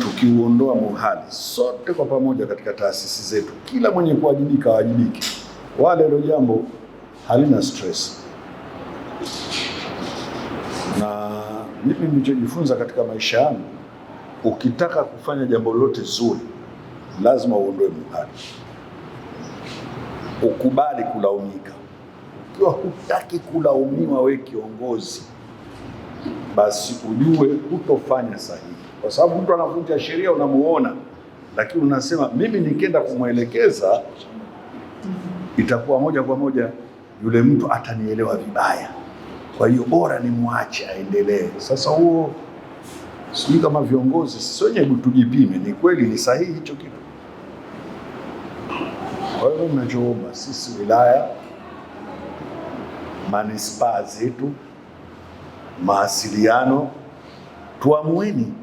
tukiuondoa muhali sote kwa pamoja katika taasisi zetu, kila mwenye kuwajibika awajibike, wala ndio jambo halina stress. Na mimi nilichojifunza katika maisha yangu, ukitaka kufanya jambo lolote zuri, lazima uondoe muhali, ukubali kulaumika. Ukiwa hutaki kulaumiwa, we kiongozi basi ujue hutofanya sahihi, kwa sababu mtu anavunja sheria unamuona, lakini unasema mimi nikienda kumwelekeza itakuwa moja kwa moja yule mtu atanielewa vibaya, kwa hiyo bora nimwache aendelee. Sasa huo sijui kama viongozi sisi wenyewe tujipime, ni kweli ni sahihi hicho kitu. Kwa hiyo ninachoomba sisi wilaya manispaa zetu mawasiliano, tuamueni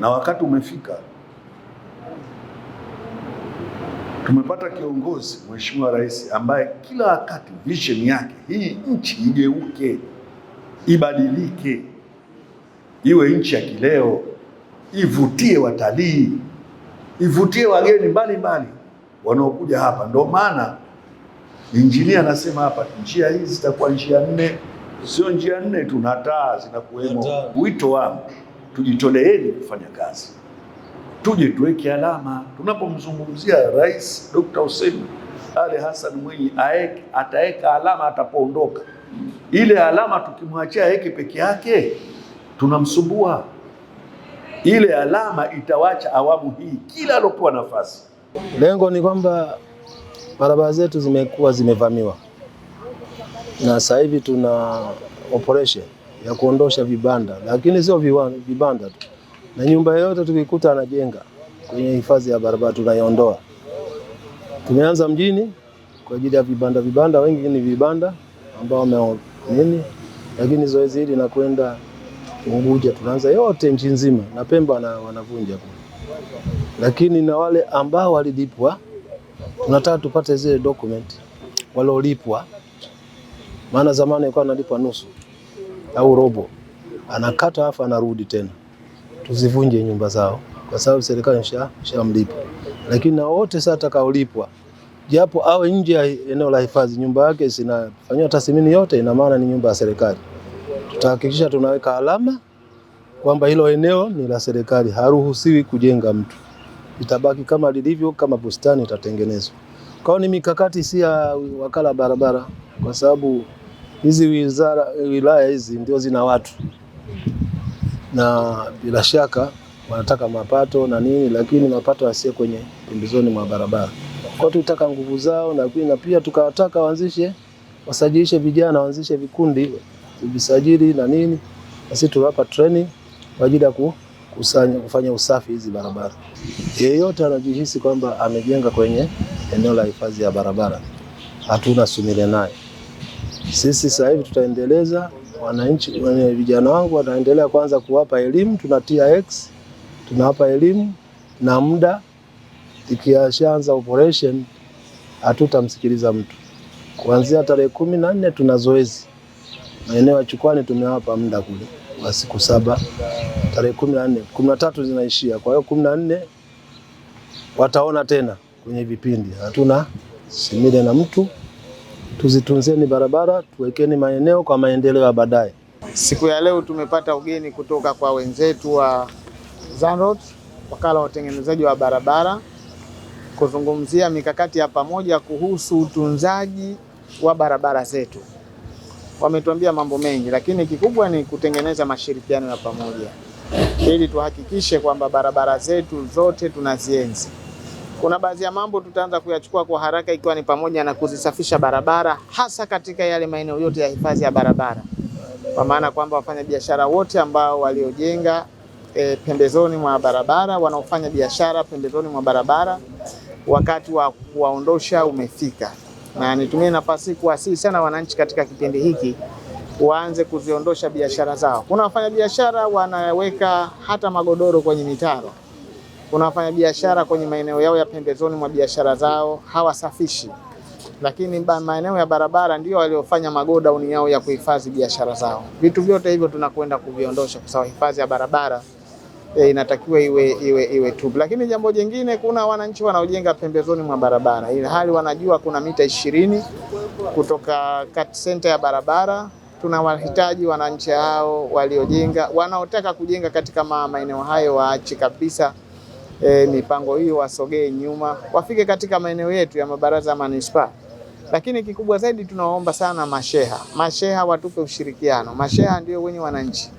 na wakati umefika. Tumepata kiongozi Mheshimiwa Rais ambaye kila wakati vision yake hii nchi igeuke, ibadilike, iwe nchi ya kileo, ivutie watalii, ivutie wageni mbalimbali wanaokuja hapa. Ndio maana injinia anasema hapa njia hizi zitakuwa njia nne sio njia nne tu na taa zinakuwemo. Wito wangu tujitoleeni kufanya kazi, tuje tuweke alama. Tunapomzungumzia Rais Dr. Hussein Ali Hassan Mwinyi aeke ataweka alama atapoondoka. Ile alama tukimwachia aeke peke yake tunamsumbua. Ile alama itawacha awamu hii kila alopewa nafasi. Lengo ni kwamba barabara zetu zimekuwa zimevamiwa na sasa hivi tuna operation ya kuondosha vibanda, lakini sio vibanda tu, na nyumba yoyote tukikuta anajenga kwenye hifadhi ya barabara tunaiondoa. Tumeanza mjini kwa ajili ya vibanda vibanda, wengi ni vibanda ambao wame nini, lakini zoezi hili nakwenda Unguja, tunaanza yote nchi nzima na Pemba na wanavunja, lakini na wale ambao walilipwa tunataka tupate zile document walolipwa maana zamani alikuwa analipa nusu au robo, anakata afa anarudi tena. Tuzivunje nyumba zao, kwa sababu serikali shamlipa. Lakini na wote sasa atakaolipwa japo awe nje ya eneo la hifadhi, nyumba yake zinafanywa tathmini yote, ina maana ni nyumba ya serikali. Tutahakikisha tunaweka alama kwamba hilo eneo ni la serikali, haruhusiwi kujenga mtu, itabaki kama lilivyo, kama bustani itatengenezwa. Kwao ni mikakati si ya wakala barabara, kwa sababu hizi wizara, wilaya hizi ndio zina watu na bila shaka wanataka mapato na nini, lakini mapato asiye kwenye pembezoni mwa barabara. Kwa tutaka nguvu zao na, na pia tukawataka waanzishe wasajilishe vijana waanzishe vikundi visajili na nini, na sisi tuwapa training kwa ajili ya kukusanya kufanya usafi hizi barabara. Yeyote anajihisi kwamba amejenga kwenye eneo la hifadhi ya barabara, hatuna sumile naye. Sisi sasa hivi tutaendeleza wananchi, wenye vijana wangu wataendelea kwanza kuwapa elimu, tuna TRX tunawapa elimu na muda ikiashaanza operation hatutamsikiliza mtu. Kuanzia tarehe kumi na nne tuna zoezi maeneo ya Chukwani, tumewapa muda kule wa siku saba. Tarehe kumi na nne kumi na tatu zinaishia, kwa hiyo kumi na nne wataona tena kwenye vipindi, hatuna simile na mtu tuzitunzeni barabara, tuwekeni maeneo kwa maendeleo ya baadaye. Siku ya leo tumepata ugeni kutoka kwa wenzetu wa Zanrot, wakala wa utengenezaji wa barabara, kuzungumzia mikakati ya pamoja kuhusu utunzaji wa barabara zetu. Wametuambia mambo mengi, lakini kikubwa ni kutengeneza mashirikiano ya pamoja ili tuhakikishe kwamba barabara zetu zote tunazienzi. Kuna baadhi ya mambo tutaanza kuyachukua kwa haraka, ikiwa ni pamoja na kuzisafisha barabara, hasa katika yale maeneo yote ya hifadhi ya barabara, kwa maana kwamba wafanyabiashara wote ambao waliojenga e, pembezoni mwa barabara, wanaofanya biashara pembezoni mwa barabara, wakati wa kuwaondosha umefika, na nitumie nafasi kuwasihi sana wananchi katika kipindi hiki waanze kuziondosha biashara zao. Kuna wafanyabiashara wanaweka hata magodoro kwenye mitaro kuna wafanyabiashara kwenye maeneo yao ya pembezoni mwa biashara zao hawasafishi, lakini maeneo ya barabara ndio waliofanya magodauni yao ya kuhifadhi biashara zao. Vitu vyote hivyo tunakwenda kuviondosha kwa sababu hifadhi ya barabara e, inatakiwa iwe, iwe, iwe tu. Lakini jambo jingine, kuna wananchi wanaojenga pembezoni mwa barabara ili hali wanajua kuna mita ishirini kutoka cut center ya barabara wahitaji wananchi hao waliojenga wanaotaka kujenga katika maeneo hayo waache kabisa e, mipango hiyo wasogee nyuma, wafike katika maeneo yetu ya mabaraza ya manispaa. Lakini kikubwa zaidi tunawaomba sana masheha, masheha watupe ushirikiano. Masheha ndio wenye wananchi.